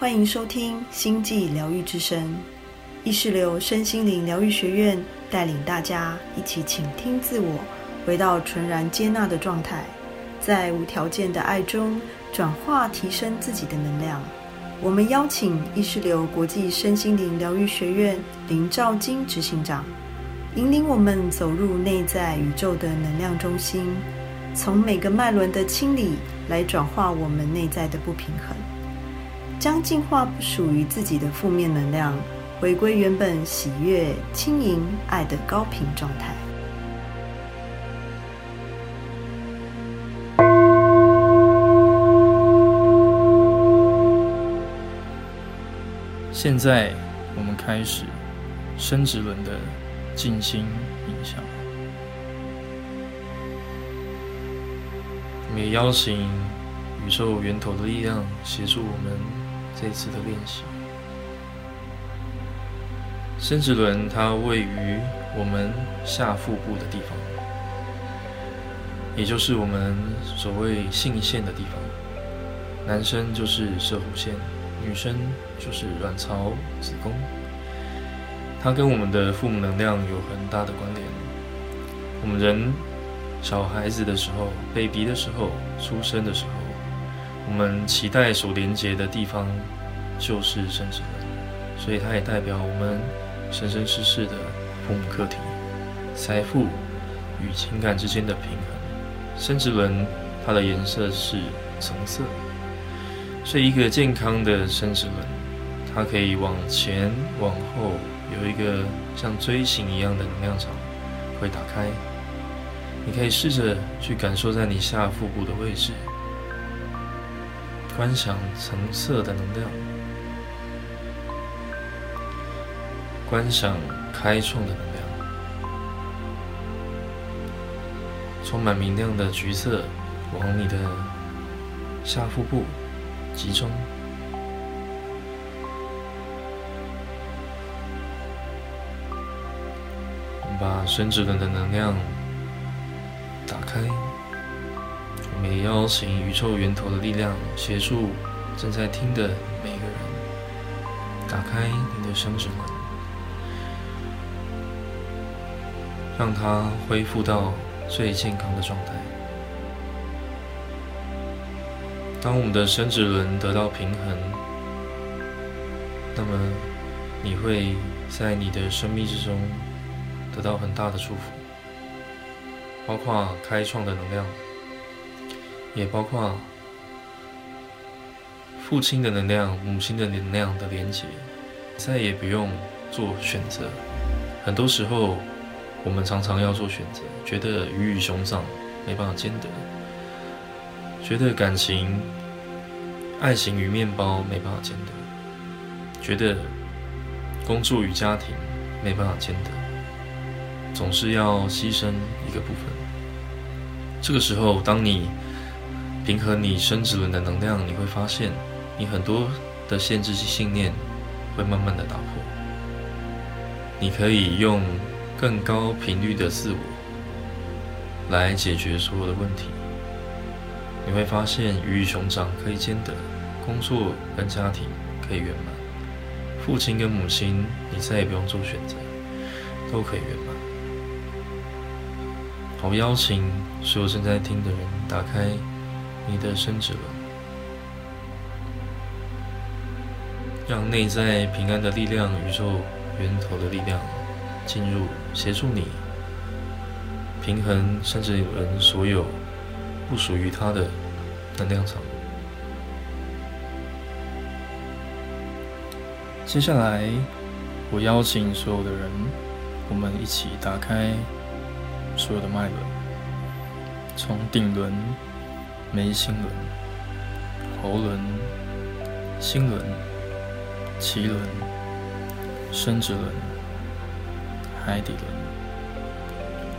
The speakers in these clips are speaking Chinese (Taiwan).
歡迎收聽《星際療癒之聲》，藝識流身心靈療癒學院帶領大家一起傾聽自我，回到純然接納的狀態，在無條件的愛中轉化提升自己的能量。我們邀請藝識流國際身心靈療癒學院林兆金執行長，引領我們走入內在宇宙的能量中心，從每個脈輪的清理來轉化我們內在的不平衡。將淨化不屬於自己的負面能量，回歸原本喜悅、輕盈、愛的高頻狀態。現在，我們開始生殖輪的靜心冥想。我們邀請宇宙源頭的力量協助我們。這次的練習，生殖輪它位於我們下腹部的地方，也就是我們所謂性腺的地方。男生就是攝護腺，女生就是卵巢子宮。它跟我們的父母能量有很大的關聯。我們人小孩子的時候，baby 的時候，出生的時候。我們臍帶所連接的地方就是生殖輪，所以它也代表我們生生世世的父母課題、財富與情感之間的平衡。生殖輪它的顏色是橙色，所以一個健康的生殖輪，它可以往前往後有一個像錐形一樣的能量場會打開。你可以試着去感受在你下腹部的位置。觀想橙色的能量，觀想開創的能量，充滿明亮的橘色，往你的下腹部集中，把生殖輪的能量打開。邀請宇宙源頭的力量協助正在聽的每一個人，打開你的生殖輪，讓它恢復到最健康的狀態。當我們的生殖輪得到平衡，那麼你會在你的生命之中得到很大的祝福，包括開創的能量。也包括父親的能量、母親的能量的連接，再也不用做選擇。很多時候，我們常常要做選擇，覺得魚與熊掌沒辦法兼得，覺得感情、愛情與麵包沒辦法兼得，覺得工作與家庭沒辦法兼得，總是要犧牲一個部分。這個時候，當你，平和你生殖輪的能量，你會發現你很多的限制性信念會慢慢的打破。你可以用更高頻率的自我來解決所有的問題。你會發現魚與熊掌可以兼得，工作跟家庭可以圓滿，父親跟母親你再也不用做選擇，都可以圓滿。好，邀請所有正在聽的人打開。你的生殖了，讓內在平安的力量、宇宙源頭的力量進入，協助你平衡，甚至有人所有不屬於他的能量場。接下來，我邀請所有的人，我們一起打開所有的脈輪，從頂輪、眉心輪、喉輪、心輪、臍輪、生殖輪、海底輪，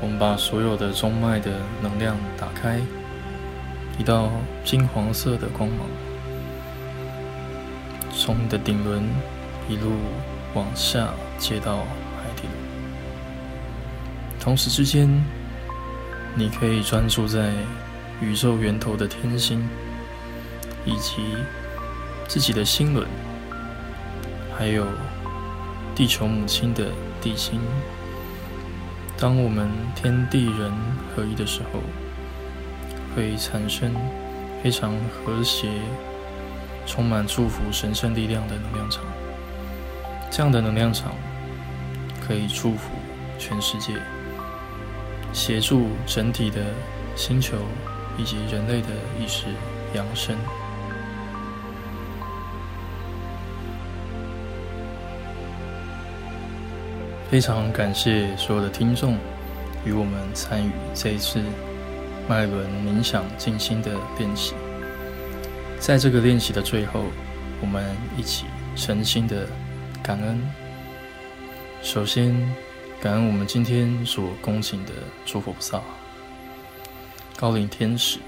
我們把所有的中脈的能量打開，一道金黃色的光芒從你的頂輪一路往下接到海底輪，同時之間，你可以專注在。宇宙源頭的天星，以及自己的心輪，還有地球母親的地心。當我們天地人合一的時候，會產生非常和諧、充滿祝福、神聖力量的能量場。這樣的能量場可以祝福全世界，協助整體的星球。以及人類的意識揚升。非常感謝所有的聽眾與我們參與這一次脈輪冥想靜心的練習。在這個練習的最後，我們一起誠心的感恩。首先，感恩我們今天所恭請的諸佛菩薩。高齡天使，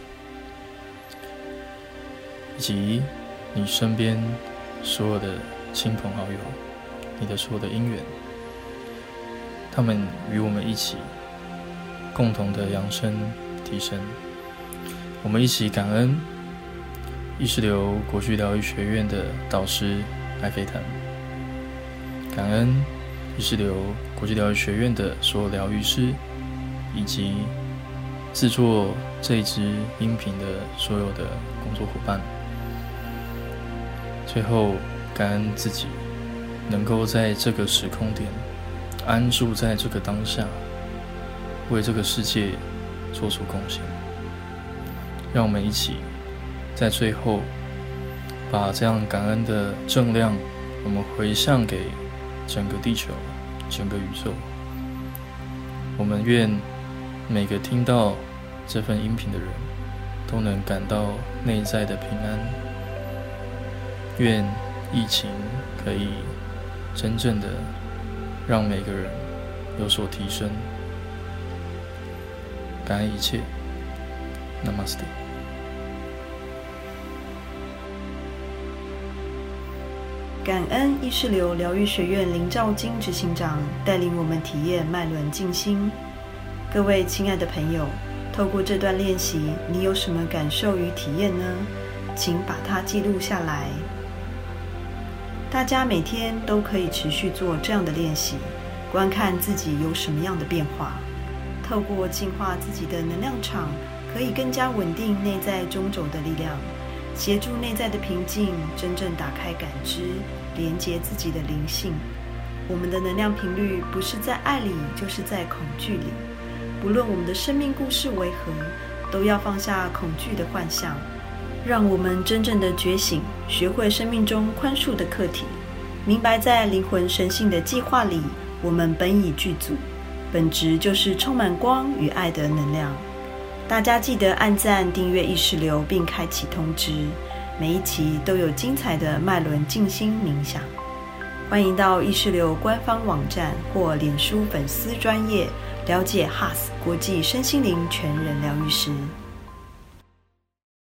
以及你身邊所有的親朋好友，你的所有的姻緣，他們與我們一起共同的揚升提升，我們一起感恩藝識流國際療癒學院的導師艾菲騰，感恩藝識流國際療癒學院的所有療癒師，以及。製作這一支音頻的所有的工作夥伴，最後感恩自己能夠在這個時空點安住在這個當下，為這個世界做出貢獻。讓我們一起在最後把這樣感恩的正量，我們回向給整個地球、整個宇宙。我們願。每個聽到這份音頻的人，都能感到內在的平安。願疫情可以真正的讓每個人有所提升。感恩一切，Namaste。Nam 感恩藝識流療癒學院林兆金執行長帶領我們體驗脈輪靜心。各位親愛的朋友，透過這段練習，你有什麼感受與體驗呢？請把它記錄下來。大家每天都可以持續做這樣的練習，觀看自己有什麼樣的變化。透過淨化自己的能量場，可以更加穩定內在中軸的力量，協助內在的平靜，真正打開感知，連接自己的靈性。我們的能量頻率不是在愛裡，就是在恐懼裡。無論我們的生命故事為何，都要放下恐懼的幻象，讓我們真正的覺醒，學會生命中寬恕的課題，明白在靈魂神性的計劃裡，我們本已具足，本質就是充滿光與愛的能量。大家記得按讚、訂閱藝識流，並開啟通知，每一期都有精彩的脈輪靜心冥想。歡迎到藝識流官方網站或臉書粉絲專頁了解 HAS 國際身心靈全人療癒師。